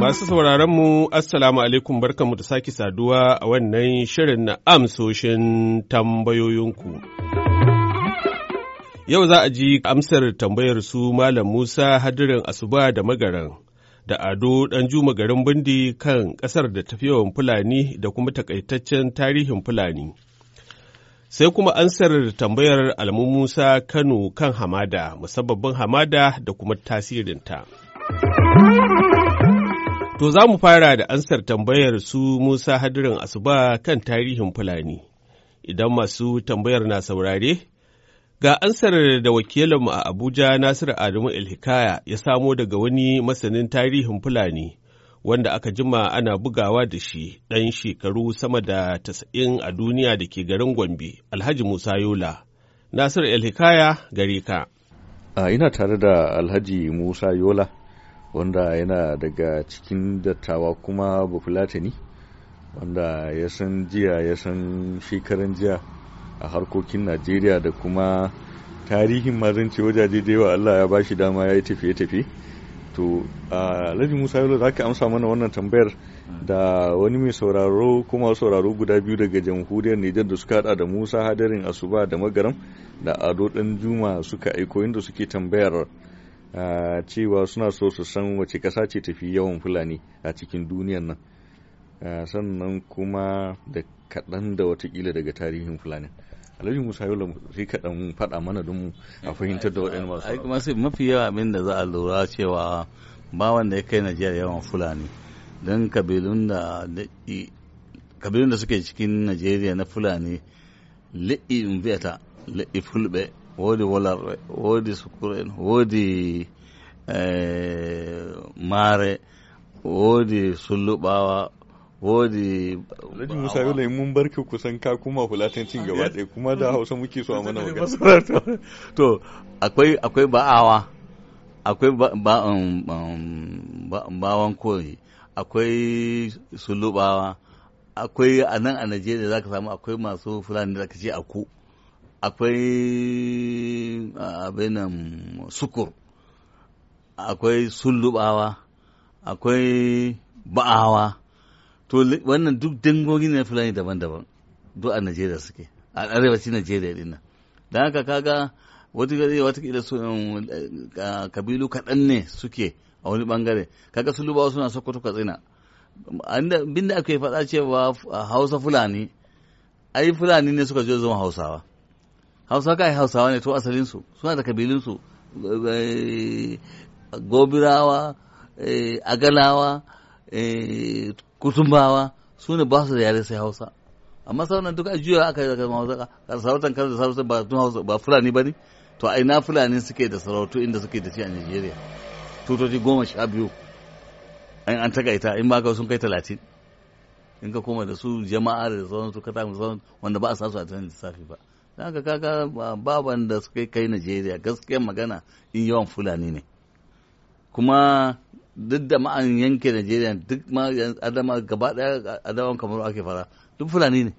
Masu sauraron mu Assalamu alaikum barkanmu da sake saduwa a wannan shirin na amsoshin tambayoyinku. Yau za a ji amsar tambayar su Malam Musa hadirin Asuba da Magaran da Ado ɗanjuma garin Bindi kan ƙasar da tafiyawan Fulani da kuma takaitaccen tarihin Fulani. sai kuma ansar tambayar alamun Musa Kano kan hamada, musabbabin hamada da kuma tasirinta. To za mu fara da ansar tambayar su Musa Hadirin Asuba kan tarihin Fulani. Idan masu tambayar na saurare, ga ansar da wakilinmu a Abuja Nasiru Adamu Ilhikaya ya samo daga wani masanin tarihin Fulani. wanda aka jima ana bugawa da shi ɗan shekaru sama da tasa'in a duniya da ke garin Gombe, Alhaji Musa Yola. Nasir Elhikaya gare ka. ina tare da Alhaji Musa Yola, wanda yana daga cikin dattawa kuma Bafulatani, wanda ya san jiya ya san shekaran jiya a harkokin Najeriya da kuma tarihin mazanci wajaje da Allah ya bashi dama ya yi tafiye-tafiye. to alhaji musa yalo za ka amsa mana wannan tambayar da wani mai sauraro kuma sauraro guda biyu daga jamhuriyar nijar da suka hada da musa hadarin asuba da magaram da ado dan juma suka aiko inda suke tambayar cewa suna so su san wace kasa ce tafi yawan fulani a cikin duniyar nan sannan kuma da kaɗan da watakila daga tarihin fulani alhaji musa yola shi kaɗan faɗa mana don a fahimtar da waɗannan masu ai kuma mafi yawa abin da za a lura cewa ba wanda ya kai najeriya yawan fulani don kabilun da kabilun da suke cikin najeriya na fulani li'i mveta li'i fulbe wodi walarwe wodi sukuren wodi eh, mare wodi sulubawa. Wodi. Alhaji Musa Yulai mun ku kusan ka kuma fulatancin gaba ɗaya kuma da Hausa muke so a mana magana. To akwai akwai ba'awa akwai um, um, bawan koyi akwai sulubawa akwai a nan a Najeriya za ka samu akwai masu fulani da ka ce ku akwai nan sukur akwai sulubawa akwai ba'awa. to wannan duk dangogi na fulani daban-daban duk a najeriya suke a arewacin najeriya din nan don haka kaga wata su um, eh, kabilu kaɗan ne suke a wani bangare kaga su lubawa suna sokoto katsina bin da ake faɗa cewa hausa fulani ai fulani ne suka zo zama hausawa hausa yi hausawa ne to asalinsu suna da kabilinsu eh, gobirawa eh, agalawa kutumbawa su ne ba su da yare sai hausa amma sauran duka juya aka yi zama hausa kar sarautan kan da sarautan ba tun hausa ba fulani ba ne to a ina fulani suke da sarautu inda suke da shi a nigeria tutoci goma sha biyu an an takaita in ba ka sun kai talatin in ka koma da su jama'a da sauran su kata da sauran wanda ba a sa su a cikin lissafi ba don haka kaga baban da suka kai nigeria gaskiyar magana in yawan fulani ne kuma duk da ma'an yanke Najeriya duk ma adama gaba daya Adama, kamar ake fara duk fulani ne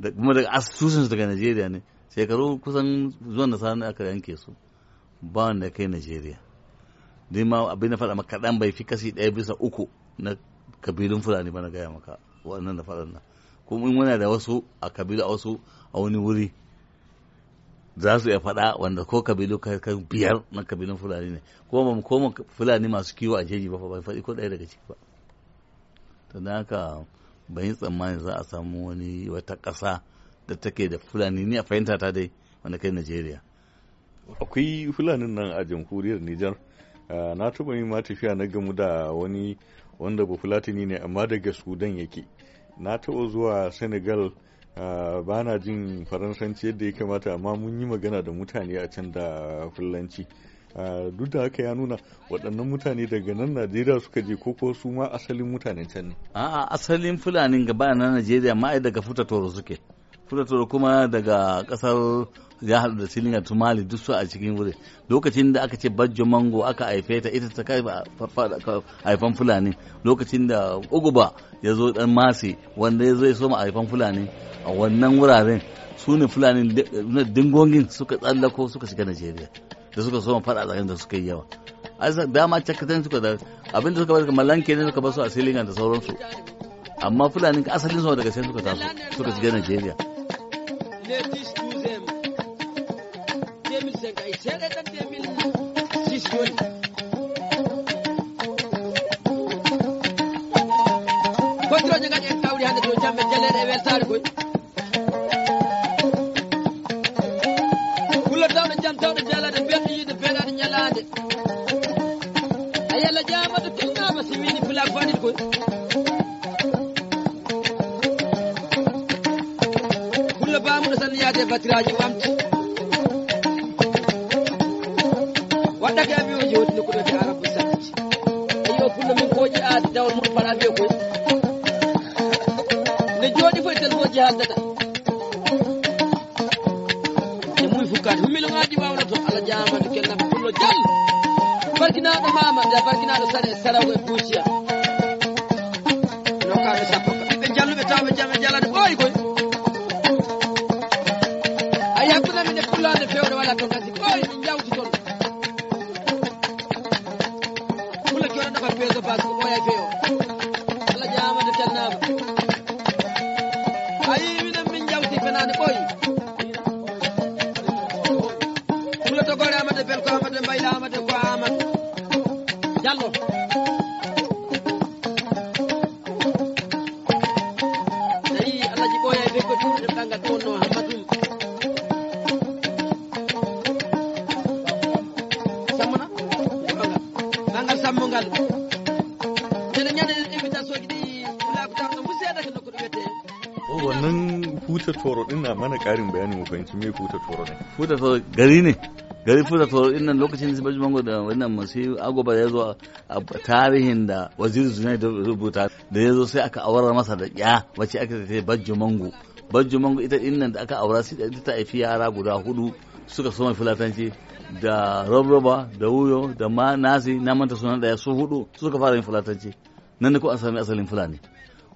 da kuma daga asusun daga Najeriya ne shekaru kusan zuwan da sani aka yanke su ba wanda kai Najeriya dai ma abin da faɗa maka bai fi kasi daya bisa uku na kabilun fulani ba na gaya maka waɗannan da faɗan nan kuma in muna da wasu a kabila wasu a wani wuri za su iya faɗa wanda ko kabilu kai biyar na kabilun fulani ne ko ba koma fulani masu kiwo a jeji ba ba faɗi ko ɗaya daga ciki ba to da haka ban yi tsammani za a samu wani wata ƙasa da take da fulani ni a fahimta ta dai wanda kai Najeriya akwai fulanin nan a jamhuriyar Nijar na taɓa yi ma tafiya na gamu da wani wanda ba fulatini ne amma daga Sudan yake na taɓa zuwa Senegal ba na jin faransanci yadda ya kamata amma mun yi magana da mutane a can da fulanci duk da haka ya nuna waɗannan mutane daga nan najeriya suka je ko su ma asalin mutanen can ne a'a asalin fulanin gaba na najeriya ma'ai daga futa toro suke furatar kuma daga kasar ya haɗu da silina tumali duk su a cikin wuri lokacin da aka ce bajjo mango aka haife ta ita ta kai haifan fulani lokacin da uguba ya zo dan masi wanda ya zo ya soma haifan fulani a wannan wuraren su ne fulani dingongin suka tsallako suka shiga najeriya da suka soma faɗa tsakanin da suka yi yawa dama cakatan suka da abin da suka bar malanke ne suka basu a silina da sauransu amma fulani asalin su daga sai suka taso suka shiga najeriya let us do them dem zanga isele tan demil sis yoni kontro jaga jeng tawri hande do jambe jelle de wel tar ko la baamu san yaade batiraaji bamtu wadda ke abi o ah, jodi ah, ni kudo ke arabu sanji ayo kunno min koji aadi dawol mun fara be ko ne jodi fo tel koji haddata e muy fukkaade humilo ngaji waawna to ala jaamani kellam kullo jall barkinaaɗo maama nde barkinaaɗo sane sarawo e kuuciya ah. nasi oi bangal sammungal tene ñande wannan futa toro din na mana karin bayani mu fahimci me futa toro ne futa toro gari ne gari futa toro din nan lokacin da Sibaji Mango da wannan masu agoba ya zo a tarihin da waziri Zunai da rubuta da ya zo sai aka awar masa da ya wace aka ce bajji Mango bajji Mango ita din nan da aka aura sai ta haifi yara guda hudu suka soma filatanci da robraba da wuyo da ma nasi na manta suna daya su hudu suka fara yin fulatanci nan da ku an sami asalin fulani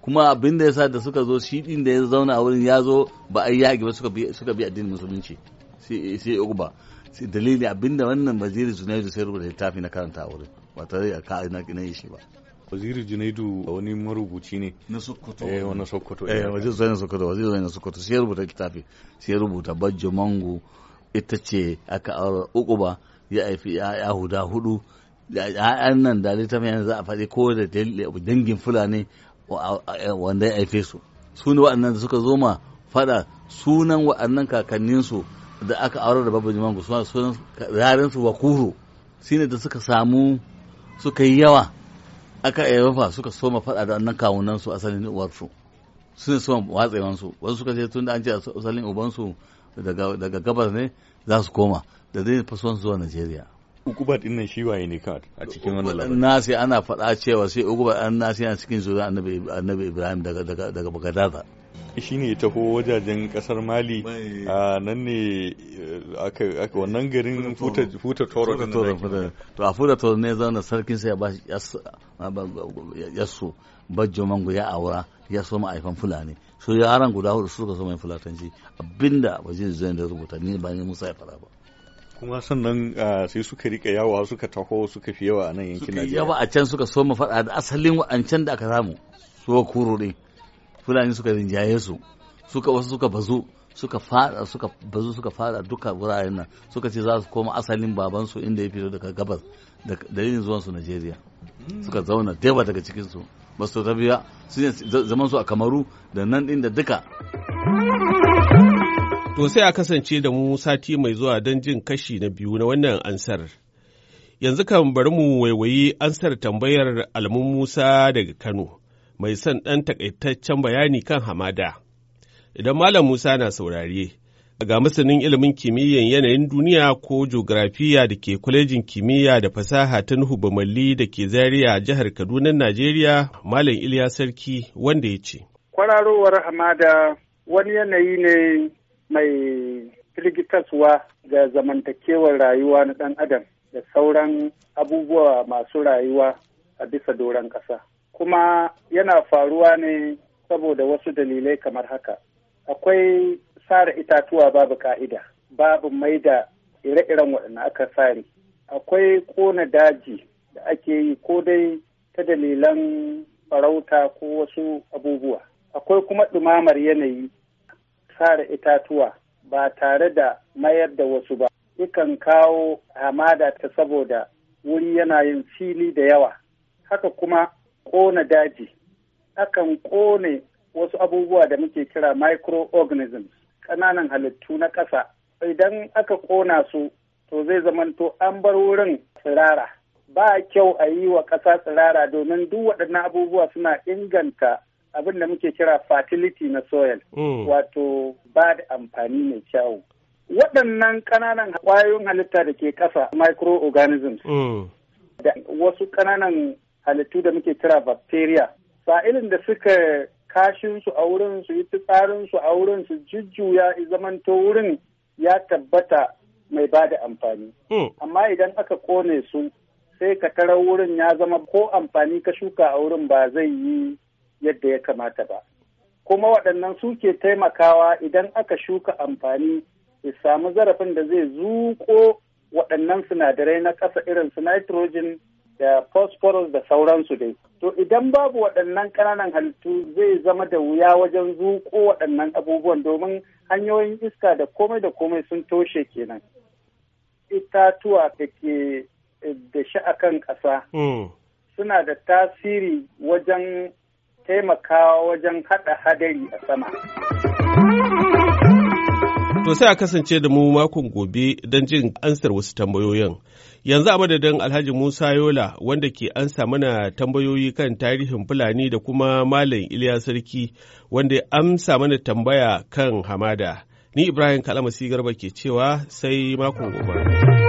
kuma abin da yasa da suka zo shi din da ya zauna a wurin ya zo ba a yaki ba suka bi addinin musulunci sai uba sai dalili abin da wannan waziri junaidu sai rubuta littafi na karanta a wurin ba tare da ka na yi shi ba waziri junaidu wani marubuci ne na sokoto eh wani sokoto eh, eh. waziri zai na sokoto waziri zai na sokoto sai rubuta littafi sai rubuta bajjo mango ita ce aka aure ba ya haifi ya huda hudu ya'yan nan da littafin yanzu za a faɗi ko da dangin fulani wanda ya haife su su ne waɗannan da suka zo ma faɗa sunan waɗannan kakanninsu da aka aure da babban jimangu suna sunan wa wakuru su ne da suka samu suka yi yawa aka yawafa suka soma faɗa da wannan kawunansu asalin uwarsu su ne soma watsewansu wasu suka ce tun da an ce asalin ubansu daga gabas ne za su koma da zai fi son zuwa Najeriya. Ukuba din nan shi waye ne ka a cikin wannan labarin. Nasi ana faɗa cewa sai Ukuba an nasi yana cikin zuwa Annabi Ibrahim daga daga daga Bagadaza. Shi ne taho wajajen kasar Mali a nan ne eh, aka wannan garin futa toro da toro to a futa toro ne zauna sarkin sai ya ba shi yasso bajjo mango ya aura ya so aifan Fulani. so yaran guda hudu suka zama fulatanci abinda wajen zai da rubuta ni ba ne musa ya fara ba kuma sannan ah, sai suka rika yawa suka taho suka fi yawa a nan yankin Najeriya yawa a can suka so mu faɗa da asalin wa'ancan da aka samu so kuro din fulani suka rinjaye su suka wasu suka bazu suka fada suka bazu suka fada duka wuraren nan suka ce za su koma asalin babansu inda ya fito daga gabas da dalilin zuwan su Najeriya hmm. suka zauna daya daga cikin su ba su tafi ba su zaman su a kamaru da nan din da duka to sai a kasance da mu sati mai zuwa don jin kashi na biyu na wannan ansar yanzu kan bari mu waiwayi ansar tambayar almun musa daga kano mai son ɗan takaitaccen bayani kan hamada idan malam musa na saurare ga masanin ilimin kimiyyar yanayin duniya ko geografiya da ke kwalejin kimiyya da fasaha ta Nuhu Bamalli da ke Zaria jihar Kaduna Najeriya Malam Iliya Sarki wanda ya ce. Kwararowar hamada wani yanayi ne mai firgitaswa ga zamantakewar rayuwa na ɗan adam da sauran abubuwa masu rayuwa a bisa doron ƙasa. Kuma yana faruwa ne saboda wasu dalilai kamar haka. Akwai sare itatuwa babu ka'ida babu mai da ire-iren waɗanda aka sare akwai kona daji da ake yi ko dai ta dalilan farauta ko wasu abubuwa akwai kuma ɗumamar yanayi sare itatuwa ba tare da mayar da wasu ba Ikan kawo hamada ta saboda wuri yana yin fili da yawa haka kuma ƙona daji akan ƙone wasu abubuwa da muke kira microorganisms ƙananan halittu na ƙasa idan aka ƙona su to zai zamanto an bar wurin tsirara ba kyau a yi wa ƙasa tsirara domin duk waɗannan abubuwa suna inganta abin da muke kira fertility na soil mm. wato ba da amfani mai kyau waɗannan ƙananan ƙwayoyin halitta da ke ƙasa microorganisms mm. da wasu ƙananan halittu da muke kira bacteria sa'ilin da suka kashinsu a wurin su yi fitsarinsu a wurin su jujjuya zamanto wurin ya tabbata mai ba da amfani. Hmm. Amma idan aka kone su sai ka tarar wurin ya zama ko amfani ka shuka a wurin ba zai yi yadda ya kamata ba. Kuma waɗannan suke taimakawa idan aka shuka amfani ya samu zarafin da zai zuƙo waɗannan sinadarai na ƙasa irin su nitrogen da phosphorus da sauransu dai. To idan babu waɗannan ƙananan halittu zai zama da wuya wajen zuƙo waɗannan abubuwan domin hanyoyin iska da komai da komai sun toshe kenan. Itatuwa da ke eh, da shi a kan ƙasa hmm. suna da tasiri wajen taimakawa wajen haɗa hadari a sama. To sai a kasance da mu makon gobe don jin ansar wasu tambayoyin. Yanzu a madadin Alhaji Musa Yola wanda ke ansa mana tambayoyi kan tarihin Fulani da kuma Malam Iliya Sarki wanda ya amsa mana tambaya kan hamada. Ni Ibrahim Kalamasi Garba ke cewa sai makon gobe.